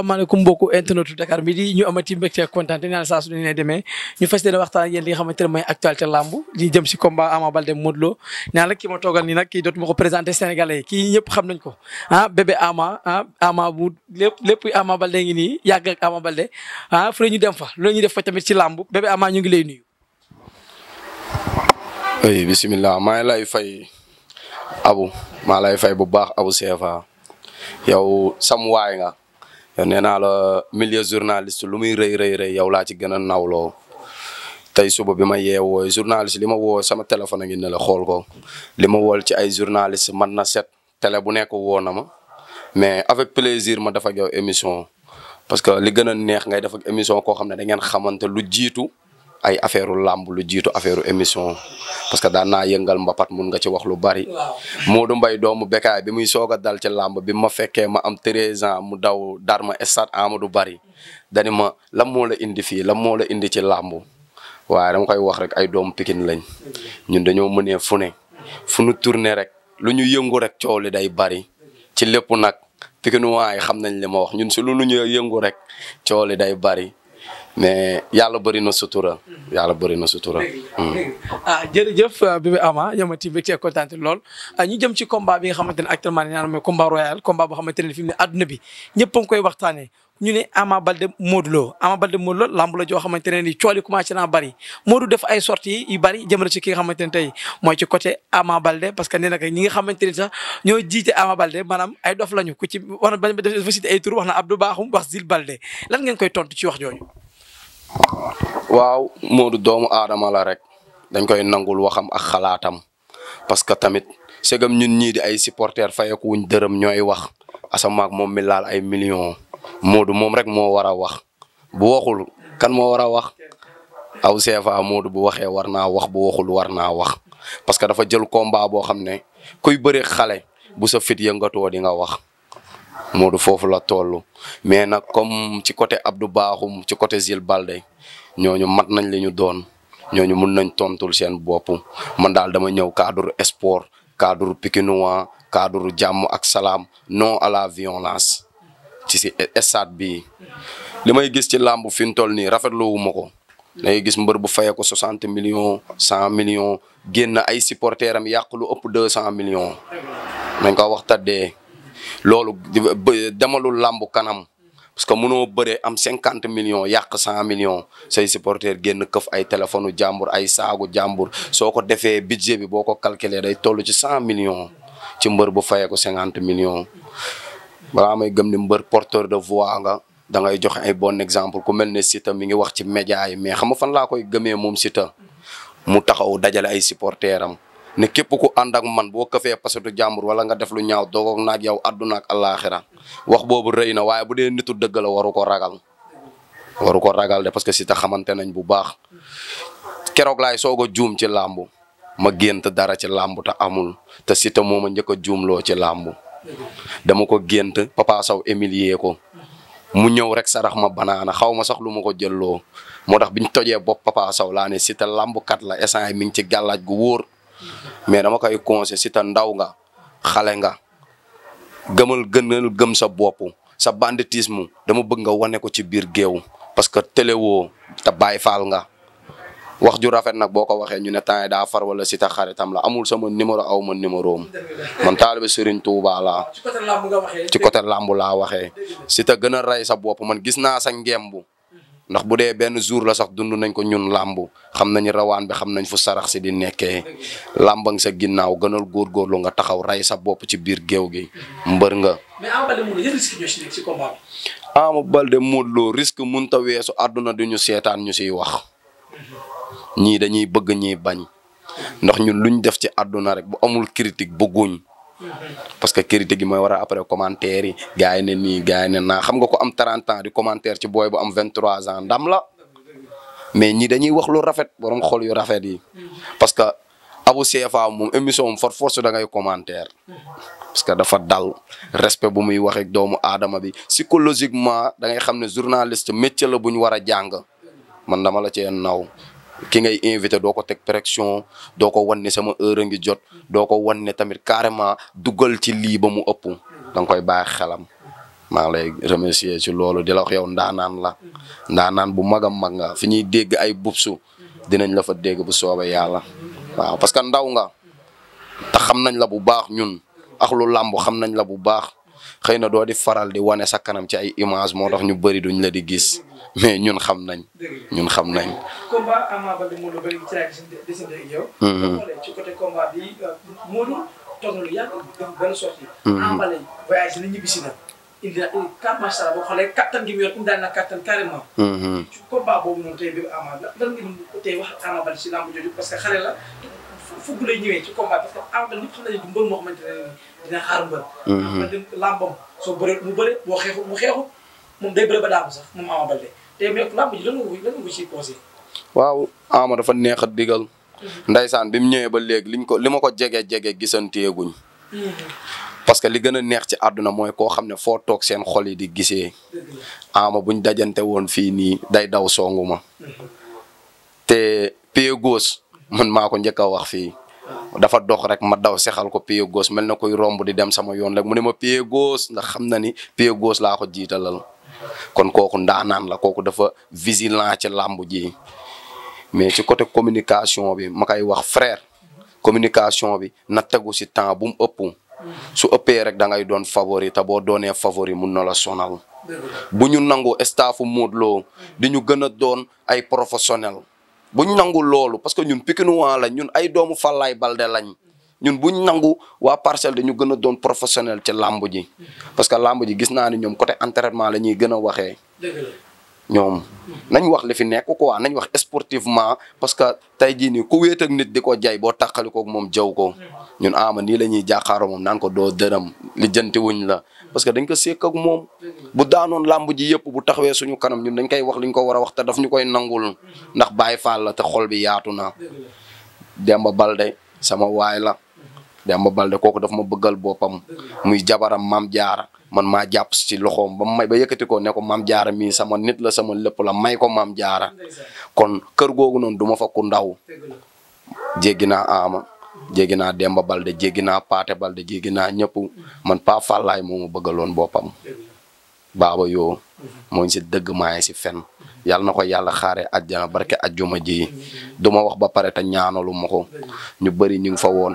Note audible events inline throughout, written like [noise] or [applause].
asalaamaaleykum mbokku internetu Dakar Midi ñu amati mbégte ak kontaan dañu naan saa su ne demee ñu fas yéene waxtaan ak si combat Ama Baldé Modou Lo naan la ki ma toogal nii nag kii dootuma ko présenté Sénégalais yi ko ah bébé Ama ah lépp lépp Ama Baldé ngi nii yàgg ak Ama Baldé ah, ñu dem fa loolu ñu def fa tamit ci lamb bébé Ama ñu ngi lay nuyu. bisimilah maa ngi lay fay Abu maa lay fay bu baax Abu CFA yow sam waay nga. nee naa la milieu journaliste lu muy rëy rëy rëy yow laa ci gën a nawloo tey suba bi ma yeewoo journaliste li ma woo sama téléphone a ngi ne la xool ko li ma wool ci ay journaliste man na set télé bu nekk woo na ma mais avec plaisir ma dafa ak émission parce que li gën a neex ngay def émission koo xam ne da ngeen xamante lu jiitu. ay affaire làmb lu jiitu affaire émission parce que daan naa yëngal mbapat mun nga ci wax lu bari Modou mbay doomu Bécaye bi muy soog a dal ci làmb bi ma fekkee ma am 13 ans mu daw dar ma stade du bari dani ma lan moo indi fii lan moo la indi ci làmb waaye dama koy wax rek ay doomu pikin lañ ñun dañoo mënee fu ne fu nu tourné rek lu ñu yëngu rek coow li day bari ci lépp nag Pikinois yi xam nañ li ma wax ñun si lu ñu yëngu rek coow li day bari mais yàlla bëri na sutura yàlla bëri na sutura. a hmm. ah, jërëjëf euh, bébé Ama ñoo ma ci mbégte kontaan lool a ah, ñu jëm ci combat bi nga xamante ne actuellement nee naa ne mooy combat royal combat boo xamante ne fi mu ne adduna bi ñëpp a ngi koy waxtaanee ñu ne Ama Balde Modou Lo Ama Balde Modou Lo lamb la joo xamante ne nii cool commencé naa bari Modou def ay sorties yu bari jëmale ci ki nga xamante ne tey mooy ci côté Ama Balde parce que nee na ñi nga xamante ni sax ñoo jiite Ama Balde maanaam ay dof lañu ku ci wax na ba dafa cité ay tur wax na Abdou Bakhoum wax Zil Balde lan ngeen koy tontu ci wax jooju. waaw doomu aadama la rek dañ koy nangul waxam ak xalaatam parce que tamit segam ñun ñii di ay supporters fayeku wuñ dërëm ñooy wax asamaak moom mi ay millions. Modou moom rek moo war a wax bu waxul kan moo war a wax aw CFA Modou bu waxee war naa wax bu waxul war naa wax parce que dafa jël combat boo xam ne kuy bëri xale bu safit fit yëngatoo di nga wax Modou foofu la tollu mais nag comme ci côté Abdou Bakhoum ci côté Zil Balde ñooñu mat nañ li ñu doon ñooñu mun nañ tontul seen boppu man daal dama ñëw cadre sport cadre pikinois cadre jàmm ak salaam non à la violence. ci si stade bi li may gis ci làmb fi mu toll nii rafetloowu ma ko dangay gis mbër bu faye ko soixante million cent millions génn ay supporters am yàq lu ëpp deux cent millions nañ ko wax tàddee loolu demalul làmb kanam parce que mënoo bëre am cinquante millions yàq cent millions say supporters génn këf ay téléphone jàmbur ay saagu jàmbur soo ko defee budget bi boo ko calculer day toll ci cent million ci mbër bu fayee ko cinquante million balaa may gëm ni mbër porteur de voix nga da joxe ay bon exemple ku mel ne Siteu mi ngi wax ci média yi mais xama nga fan laa koy gëmee moom Siteu mu taxaw dajale ay supporters am ne képp ku ànd ak man boo këfee pasatu jàmbur wala nga def lu ñaaw doogoog naag yow àdduna ak àllaaxira wax boobu rëy na waaye bu dee nitu dëgg la waru ko ragal waru ko ragal de parce que Siteu xamante nañ bu baax keroog laay soog a juum ci làmb ma gént dara ci làmb te amul te Siteu moo ma njëkk juumloo ci làmb dama ko gént Papa saw humilier ko mu ñëw rek sarax ma banaana xaw ma sax lu ma ko jëlloo moo tax biñ tojee bopp Papa saw laa ne Siteu làmbkat la instant yi mi ngi ci gàllaaj gu wóor mais dama koy si ta ndaw nga xale nga gëmal gënal gëm sa bopp sa banditisme dama bëgg nga wane ko ci biir géew parce que téléwoo te bàyyi faal nga wax ju rafet na boo ko waxee ñu ne temps daa far wala si ta xaritam la amul sama numéro aw ma numéro am man taal Serigne Touba laa ci côté làmb laa waxee si ta gën a rey sa bopp man gis naa sa ngemb ndax bu dee benn jour la sax dund nañ ko ñun làmb xam nañu rawaan bi xam nañ fu sarax si di nekkee làmbang sa ginnaaw gënal góorgóorlu nga taxaw ray sa bopp ci biir géew gi mbër nga. mais Ama Baldé Modou Lô risque mënut a weesu àdduna du ñu seetaan ñu siy wax. ñii dañuy bëgg ñii bañ ndax ñun luñ def ci adduna rek bu amul critique bu guñ parce que critique yi mooy war a après commentaire yi gars yi ne nii gars yi ne naa xam nga ko am 30 di commentaire ci booy bu am 23 ans ndam la mais ñii dañuy wax lu rafet borom xol yu rafet yi parce que Abou CFA moom émission fort for force da ngay commentaire parce que dafa dal respect bu muy waxee doomu aadama bi psychologiquement dangay xam ne journaliste métier la bu ñu war a jàng man dama la cee naw ki ngay invité doo ko teg pression doo ko wan ne sama heure a ngi jot doo ko wan ne tamit carrément dugal ci lii ba mu ëpp dang koy bàyyi xelam maa ngi lay remercier ci loolu di la wax yow ndaanaan la ndaanaan bu mag a mag nga fi ñuy dégg ay bubsu dinañ la fa dégg bu soobee yàlla waaw parce que ndaw nga te xam nañ la bu baax ñun ak lu làmb xam nañ la bu baax xëy na doo di faral di wane sa kanam ci ay image moo tax ñu bëri duñ la di gis mais ñun xam nañ. ñun xam nañ. combat Ama ci desante mm-hmm. bi euh, Modou toog na lu yàgg mm-hmm. gi mu yor na kattan carrément. Mm-hmm. parce que xale la fukk lay ñëwee ci combat parce que Ama Baldé ñëpp xam nañu moo xamante ne dina xaar mbër. làmbam soo bëree mu bëree boo xeexu mu xeexu. waaw Ama dafa neex a digal. Mhm. ndaysaan bi mu ñëwee ba léegi liñ ko li ma ko jege jege gisanteeguñ. Mhm. parce que li gën a neex ci àdduna mooy koo xam ne foo toog seen xol yi di gisee. Ama buñ dajante woon fii nii day daw songu ma. Mhm. te pied gauche man maa ko njëkk a wax fii. dafa dox rek ma daw sexal ko pied gauche mel na koy romb di dem sama yoon rek mu ne ma pied gauche ndax xam na ni pied gauche laa ko jiitalal. kon kooku ndaanaan la kooku dafa vigilant ci làmb ji mais ci côté communication bi ma koy wax frère communication bi na tegu si temps bu mu ëpp su ëppee rek da ngay doon favori te boo doonee favori mun na la sonal bu ñu nangu staffu Modou loo di ñu gën a doon ay professionnel bu ñu nangu loolu parce que ñun Pikinois la ñun ay doomu Falaye Balde lañ ñun buñ nangu waa parcel dañu gën a doon professionnel ci làmb ji parce que làmb ji gis naa ni ñoom côté entraînement la ñuy gën a waxee ñoom nañ wax li fi nekk quoi nañ wax sportivement parce que tey jii nii ku wéet ak nit di ko jay boo tàqalikook moom jaw ko ñun ama nii la ñuy jàkkaaroo moom naan ko doo dërëm li jënti la parce que dañ ko sékk ak moom bu daanoon làmb ji yëpp bu taxawee suñu kanam ñun dañ koy wax liñ ko war a wax te daf ñu koy nangul ndax Baay Faal la te xol bi yaatu na Demba de sama waay la Demba Balde kooku dafa ma bëggal boppam muy jabaram maam jaara man maa jàpp si loxoom ba may ba yëkkati ko ne ko maam jaara mii sama nit la sama lëpp la may ko maam jaara kon kër googu noon duma ma fa ku ndaw jéggi naa Ama jéggi naa Demba Balde jéggi naa Paate Balde jéggi naa ñëpp man Pa Fallaay moo ma bëggaloon boppam baaba yoo mooñ si dëgg maay si fen yàlla na ko yàlla xaare ajjana barke ajjuma ji duma wax ba pare te ñaanalu ma ko ñu bari ñu ngi fa woon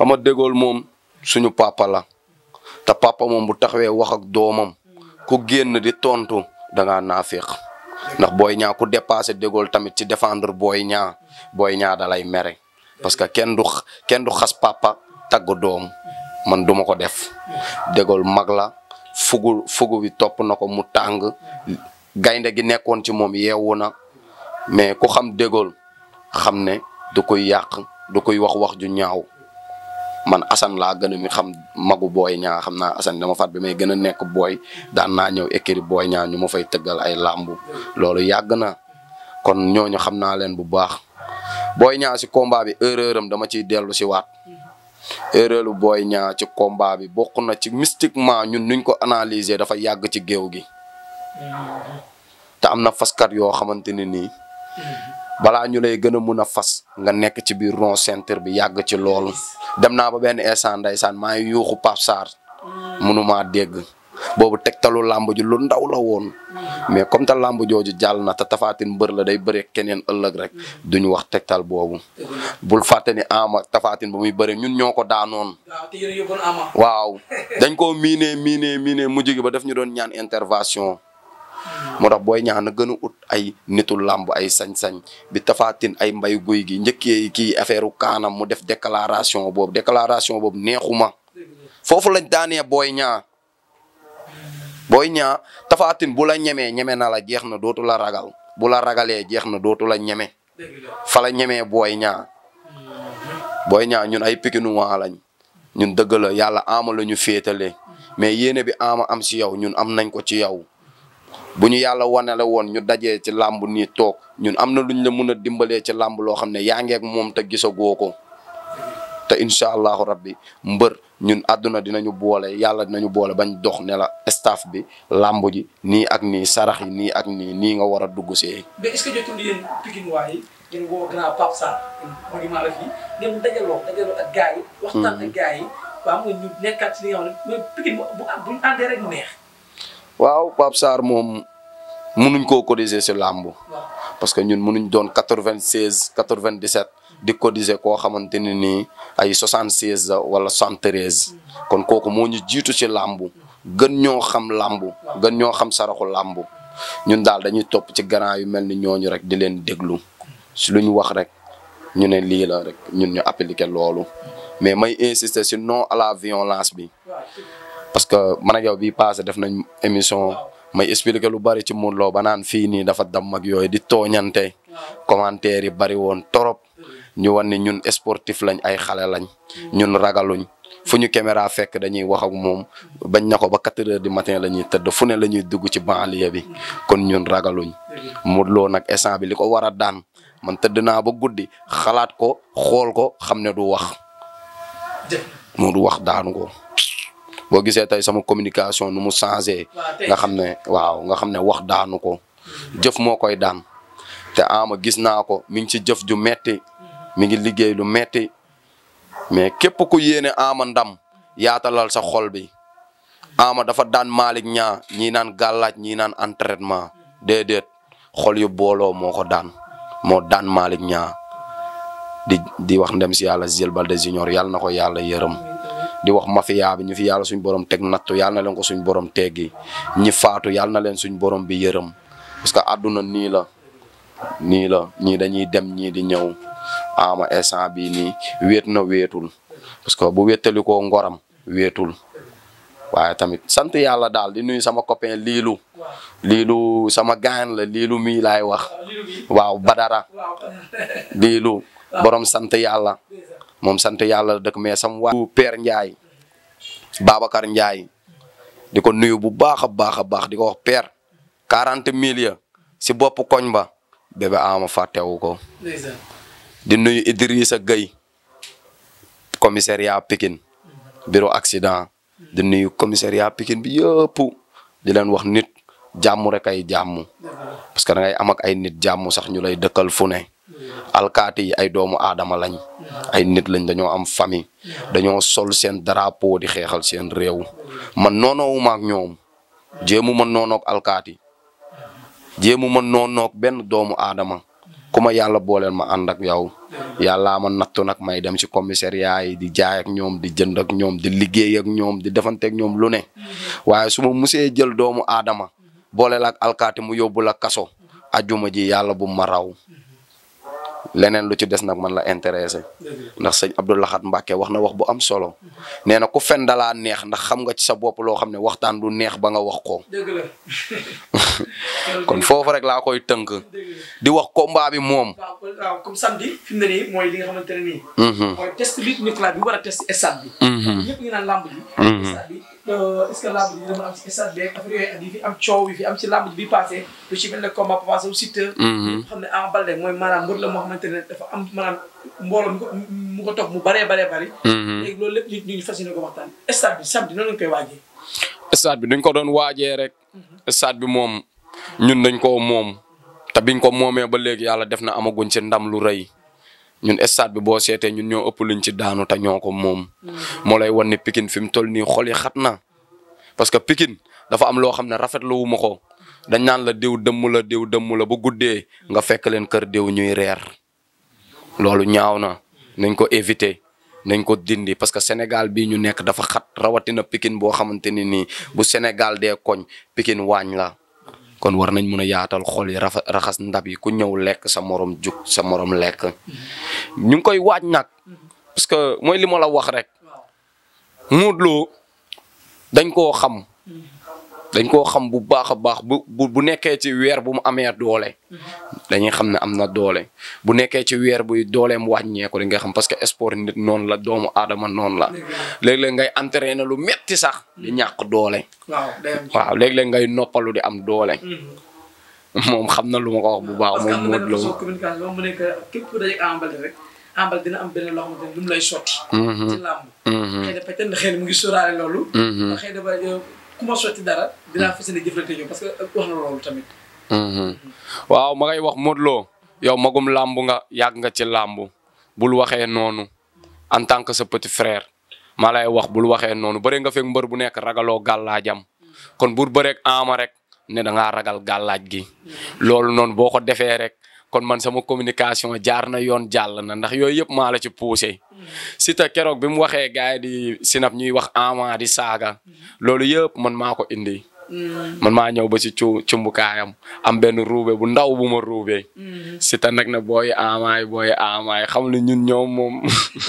xam nga dégool moom suñu papa la te papa moom bu taxawee wax ak doomam ku génn di tontu da ngaa naafeeq ndax booy ñaa ku dépassé dégool tamit ci défendre booy ñaa booy ñaa da lay mere parce que kenn du kenn du xas papa taggu doom man duma ko def dégool mag la fugu fugu bi topp na ko mu tàng gaynde gi nekkoon ci moom yeewu na mais ku xam dégool xam ne du koy yàq du koy wax wax ju ñaaw man Assane laa gën a mi xam magu booy ñaa xam naa Assane dama fat bi may gën a nekk booy daan naa ñëw écrit booy ñaa ñu ma fay tëggal ay làmbu loolu yàgg na kon ñooñu xam naa leen bu baax booy ñaa si combat bi erreur dama ciy dellu si waat erreur booy ñaa ci combat bi bokk na ci mystiquement ñun nuñ ko analyser dafa yàgg ci géew gi mm-hmm. te am na faskat yoo xamante ne nii mm-hmm. balaa ñu lay gën a mun a fas nga nekk ci biir ron centre bi yàgg ci loolu dem naa ba benn instant ndeysaan maa ngi yuuxu Pape Sarr mënumaa dégg boobu tegtalu làmb ji lu ndaw la woon mais comme ta làmb jooju jàll na te tafaatin mbër la day bëre keneen ëllëg rek duñu wax tegtal boobu bul fàtte ni ama tafaatin ba muy bëre ñun ñoo ko daanoon waaw dañ koo miinee miinee miinee mujj gi ba def ñu doon ñaan intervention moo tax booy ñaa na gën ut ay nitu làmb ay sañ-sañ bi tafaatin ay mbay guy gi njëkkee kii affaire u kaanam mu def déclaration boobu déclaration boobu neexuma foofu lañ daanee booy ñaa booy ñaa tafaatin bu la ñemee ñeme na la jeex na dootu la ragal bu la ragalee jeex na dootu la ñeme fala la ñemee booy ñaa booy ñaa ñun ay pikinuwaa lañ ñun dëgg la yàlla ama la ñu féetale mais yéene bi ama am si yow ñun am nañ ko ci yow bu ñu yàlla wanale woon ñu dajee ci làmb nii toog ñun am na lu ñu la mun a dimbalee ci làmb loo xam ne yaa ngeek moom te gisagoo ko te incha allahu rabbi mbër ñun àdduna dinañu boole yàlla dinañu boole bañ dox ne la staff bi làmb ji nii ak nii sarax yi nii ak nii nii nga war a dugg see. Hmm. bu bu rek neex. waaw Pape Sarr moom nuñ koo cotiser si làmb parce que ñun mënuñ doon quatre vingt seize quatre vingt dix sept di cotiser koo xamante ne nii ay soixante seize wala soixante treize kon kooku moo ñu jiitu si làmb gën ñoo xam làmb gën ñoo xam saraxu làmb ñun daal dañuy topp ci grand yu mel ni ñooñu rek di leen déglu si lu ñu wax rek ñu ne lii rek ñun ñu appliquer loolu mais may insiste si non à la violence bi parce que man ak yow bii passé def nañ émission may expliqué lu bari ci Modou Lo ba naan fii nii dafa damm ak yooyu di tooñante commentaire yi bari woon torop ñu wan ne ñun sportif lañ ay xale lañ ñun ragaluñ fu ñu caméra fekk dañuy wax ak moom bañ na ko ba quatre heures di matin la ñuy tëdd fu ne la ñuy dugg ci banlieue bi kon ñun ragaluñ Modou Lo nag instant bi li ko war a daan man tëdd naa ba guddi xalaat ko xool ko xam ne du wax mu du wax daanu ko boo gisee tey sama communication nu mu changé nga xam ne waaw nga xam ne wax daanu ko mm-hmm. jëf moo koy daan te ama gis naa ko mi ngi ci jëf ju metti mm-hmm. mi ngi liggéey lu metti mais képp ku yéene ama ndam yaatalal sa xol bi ama dafa daan Malick ñaa ñii naan gàllaaj ñii naan entraînement mm-hmm. déedéet xol yu booloo moo ko daan moo daan Malick ñaa di di wax ndem si yàlla Jules de Junior yàlla na ko yàlla yërëm di wax mafia bi ñu fi yàlla suñ borom teg nattu yàlla na leen ko suñ borom teggi ñi faatu yàlla na leen suñ borom bi yërëm parce que àdduna nii la ñii dañuy dem ñii di ñëw ama instant bii nii wéet na wéetul parce que bu wéttali koo ngoram wéetul waaye tamit sant yàlla daal di nuyu sama copain liilu liilu sama gaan la liilu mii wax waaw badara liilu borom sant yàlla moom sant yàlla dëkk mais sam waa Père Ndiaye Babacar Ndiaye di ko nuyu bu baax a baax a baax di wax per quarante mille si boppu koñ ba bébé ama fàttewu ko di nuyu Idrissa Gueye commissariat Pikine bureau accident di nuyu commissariat Pikine bi yëpp di leen wax nit jàmm rek ay jàmm parce que da am ak ay nit jàmm sax ñu lay dëkkal fu ne alkaati yi ay doomu aadama lañ ay nit lañ dañoo am famille dañoo sol seen drapeau di xeexal seen réew man noonoowuma ak ñoom jéemu ma noonoog alkaati jéemu ma noonoog benn doomu aadama ku ma yàlla booleel ma ànd ak yow yàllaa ma nattu nag may dem ci commissariat yi di jaay ak ñoom di jënd ak ñoom di liggéey ak ñoom di defanteek ñoom lu ne waaye suma ma musee jël doomu aadama booleel ak alkaati mu yóbbu la kaso ajuma ji yàlla bu ma raw leneen lu ci des nag man la intéressé ndax sëñ Abdou Lahat Mbacke wax na wax bu am solo nee na ku fen dalaa neex ndax xam nga ci sa bopp loo xam ne waxtaan du neex ba nga wax ko [laughs] kon foofu rek laa koy tënk. di wax combat bi moom. waaw comme samedi fi mu mooy li nga xamante ne nii. Mhm. mooy test lutte bi war a test stade bi. Mhm. ñëpp ñu naan lamb ji. Mhm. stade bi euh, est-ce que lamb ji dina bi affaire bi passé lu moo xamante ne dafa am maanaam mbooloo mu ko mu toog mu baree baree bari. léegi loolu lépp nit ñi ñu fas yéene ko waxtaan stade bi samedi noonu lañ koy waajee. stade bi duñ ko doon waajee rek. stade bi moom ñun dañ ko moom te biñ ko moomee ba léegi yàlla def na amaguñ ci ndam lu rey ñun stade bi boo seetee ñun ñoo ëpp luñ ci daanu ta ñoo ko moom. Mm. moo lay wan ne Pikine fi mu toll nii xol xat na parce que Pikine dafa am loo xam ne rafetlu wu ma ko dañ naan la diw dëmm la diw dëmm la ba guddee nga fekk leen kër diw ñuy reer loolu ñaaw na nañ ko éviter. nañ ko dindi parce que Sénégal bii ñu nekk dafa xat rawatina Pikine boo xamante ne nii bu Sénégal dee koñ Pikine waañ la kon war nañ mun a yaatal xol yi raxas ndab yi ku ñëw lekk sa morom jug sa morom lekk mm-hmm. ñu ngi koy waaj nag mm-hmm. parce que mooy li ma la wax rek Modou loo dañ koo xam dañ koo xam bu baax a baax bu bu nekkee ci weer bu mu amee doole mm-hmm. dañuy xam ne am na doole bu nekkee ci weer buy dooleem wàññeeku di nga xam parce que sport nit noonu la doomu aadama noonu la léeg-léeg ngay na lu metti sax di mm-hmm. ñàkk doole waaw léeg-léeg ngay noppalu di am doole mm-hmm. moom xam na lu ma ko wax bu baax moom Modou Lo mu lay sotti. ci Mhm. waaw ma ngay wax Modou yow magum làmb nga yàgg nga ci làmb bul waxee noonu en tant que sa petit frère ma lay wax bul waxee noonu bëre nga fekk mbër bu nekk ragaloo gàllaajam kon bur bëreeg aama rek ne da ngaa ragal gàllaaj gi mhm. loolu noonu boo ko defee rek. kon man sama communication jaar na yoon jàll na ndax yooyu yëpp maa la ci poussé si te keroog bi mu waxee gars yi di sinap ñuy wax ama di saaga loolu yëpp man maa ko indi. man maa ñëw ba si cu cumbukaayam am benn ruube bu ndaw bu ma ruubee. si nag na booy amaay booy amaay xam ne ñun ñoom moom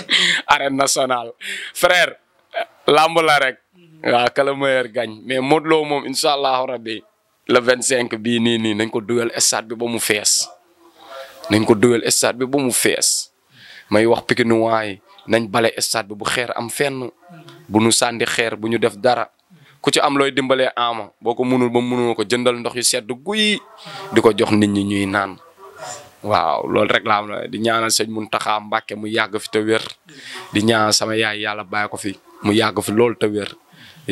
[laughs] arène nationale frère lamb rek. waaw que le meilleur mais Modou Lo moom incha allahu rabbi le vingt cinq bii nii nii nañ ko dugal stade bi ba mu fees. nañ ko dugal stade bi bu mu fees may wax Pikinois yi nañ bale stade bi bu xeer am fenn bu nu sànni xeer bu ñu def dara ku ci am looy dimbalee ama boo ko munul ba munoo ko jëndal ndox yu sedd guy di ko jox nit ñi ñuy naan waaw loolu rek laa am di ñaanal sëñ Muntaxa Mbàkke mu yàgg fi te wér di ñaanal sama yaay yàlla bàyyi ko fi mu yàgg fi loolu te wér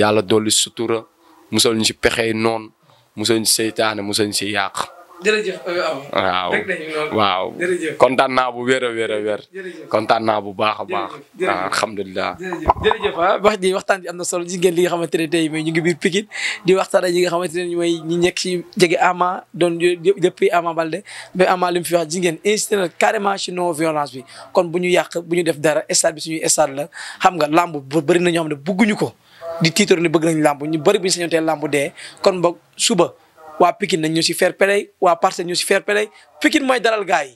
yàlla dolli sutura musal ñu si pexey noonu musal ñu seytaane ñu si yàq jërëjëf euh, waaw waaw kontaan naa bu wér a weer a wér kontaan naa bu baax a baax ah, alhamdulilah jërëjëf ah, wax ji waxtaan bi am na solo gis ngeen li nga xamante ne tey mais ñu ngi biir Pikine di waxtaan ak ñi nga xamante ne ñu mooy ñi nekk ci jege Ama doon depuis Ama Balde ba Ama li fi wax gis ngeen insisté na carrément ci non violence bi kon bu ñu yàq bu ñu def dara stade bi suñuy stade la xam nga làmb bëri na ñoo xam ne bëgguñu ko di tiitoor ni bëgg nañ làmb ñu bëri bu ñu sañoon tee làmb dee kon boog suba waa pikin nañ ñu si fair play waa Parcelles ñu si fair play Pikine mooy dalal gaay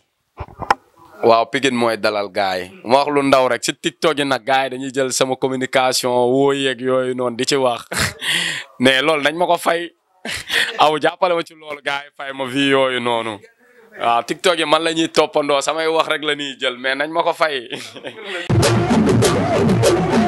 waaw Pikine mooy dalal gars yi ma wax lu ndaw rek si TikTok yi nag gars yi dañuy jël sama communication woo yeeg yooyu noonu di ci wax mais [laughs] loolu nañ ma ko fay [laughs] aw jàppale ma ci loolu gars yi fay ma vi yooyu noonu. waaw TikTok yi man la ñuy toppandoo samay wax rek la ñuy jël mais nañ ma ko fay. [laughs]